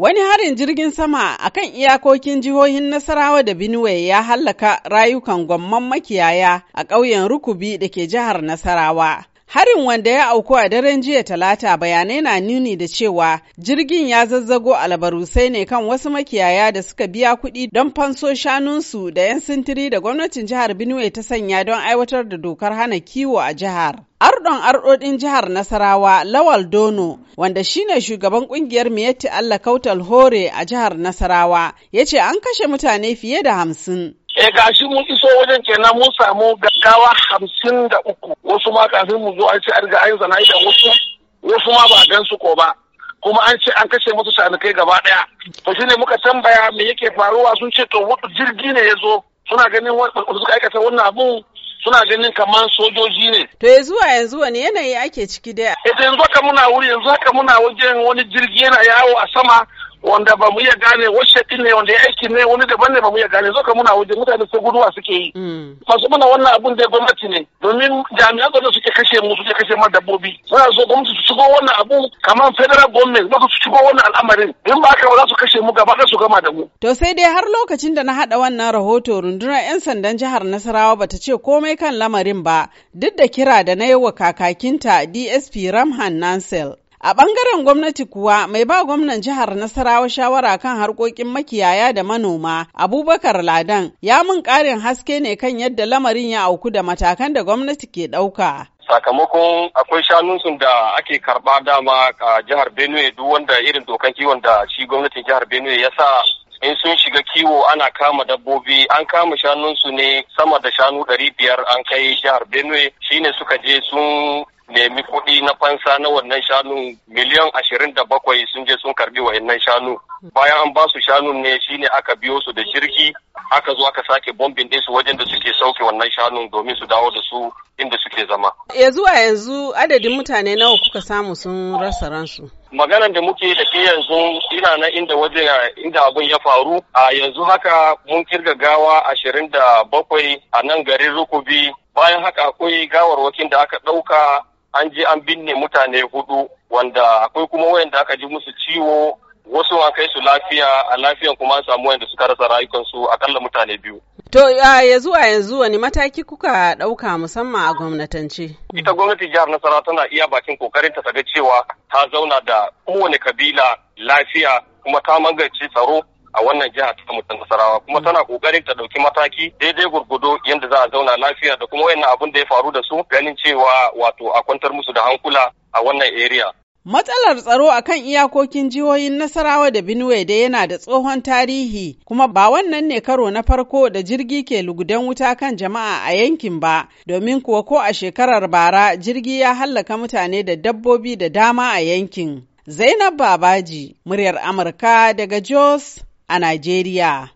Wani harin jirgin sama a kan iyakokin jihohin Nasarawa da Benue ya hallaka rayukan gwamman makiyaya a ƙauyen Rukubi da ke jihar Nasarawa. Harin wanda ya auku a daren jiya talata bayanai na nuni da cewa jirgin ya zazzago albarusai ne kan wasu makiyaya da suka biya kuɗi don fanso shanunsu da 'yan sintiri da gwamnatin jihar Benue ta sanya don aiwatar da dokar hana kiwo a jihar. Ardon arɗoɗin jihar Nasarawa Lawal Dono wanda shine shugaban kungiyar Miyatti Allah Kautal Hore a jihar Nasarawa ya ce an kashe mutane fiye da hamsin. E gashi mun iso wajen kenan mun samu gaggawa hamsin da uku wasu ma kafin mu zo an ce an riga an zana da wasu wasu ma ba gan su ko ba kuma an ce an kashe musu shanukai gaba daya to shine muka tambaya me yake faruwa sun ce to jirgi ne ya zo suna ganin suka aikata wannan abun suna ganin kamar sojoji ne. To ya zuwa yanzu wani yanayi ake ciki da. Ita eh, yanzu haka muna wuri yanzu haka muna wajen wani jirgi yana yawo a sama wanda ba mu iya gane washaɗi ne wanda ya aiki ne wani daban ne ba mu iya gane zo ka muna waje mutane sai guduwa suke yi mm. masu muna wannan abun da gwamnati ne domin jami'an gwamnati suke kashe mu suke kashe mu dabbobi suna so gwamnati su shigo wannan abu kamar federal government ba su shigo wannan al'amarin in ba haka ba za su kashe mu gaba su gama da mu. to sai dai har lokacin da na haɗa wannan rahoto rundunar 'yan sandan jihar nasarawa bata ce komai kan lamarin ba duk da kira da na yi wa kakakinta dsp ramhan nansel. A ɓangaren gwamnati kuwa mai ba gwamnan jihar Nasarawa shawara kan harkokin makiyaya da manoma Abubakar Ladan ya mun ƙarin haske ne kan yadda lamarin ya auku da matakan da gwamnati ke ɗauka. sakamakon akwai shanunsun da ake karɓa dama a jihar benue duk wanda irin dokan kiwon da shi gwamnatin jihar benue ya sa in sun shiga kiwo ana kama dabbobi an kama shanunsu ne sama da shanu ɗari biyar an kai jihar benue shine suka je sun nemi kuɗi na fansa na wannan shanu miliyan ashirin da bakwai sun je sun karbi wa'annan shanu bayan an ba su shanun ne shine aka biyo su da jirgi aka zo aka sake bombin ɗin su wajen da suke sauke wannan shanun domin su dawo da su inda suke zama ya zuwa yanzu adadin mutane nawa kuka samu sun rasa ransu maganan da muke da ke yanzu ina na inda waje inda abin ya faru a yanzu haka mun kirga gawa ashirin da bakwai a nan garin rukubi bayan haka akwai gawarwakin da aka ɗauka an je an binne mutane hudu wanda akwai kuma wayanda aka ji musu ciwo wasu an kai su lafiya a lafiyan kuma an samu wayanda suka rasa rayukansu akalla mutane biyu. To ya zuwa yanzu wani mataki kuka ɗauka musamman a gwamnatance? Ita gwamnati jihar Nasara tana iya bakin kokarin ta ga cewa ta zauna da kowane kabila lafiya kuma ta magance tsaro a wannan jiha ta mu Nasarawa kuma mm. tana kokarin ta dauki mataki daidai gurgudo yadda za a zauna lafiya da kuma wayannan abin da ya faru da su ganin cewa wato a kwantar musu da hankula a wannan area. Matsalar tsaro a kan iyakokin jihohin Nasarawa da Benue da yana da tsohon tarihi kuma ba wannan ne karo na farko da jirgi ke lugudan wuta kan jama'a a yankin ba domin kuwa ko a shekarar bara jirgi ya hallaka mutane da dabbobi da dama a yankin. Zainab Babaji, muryar Amurka daga Jos a Nigeria.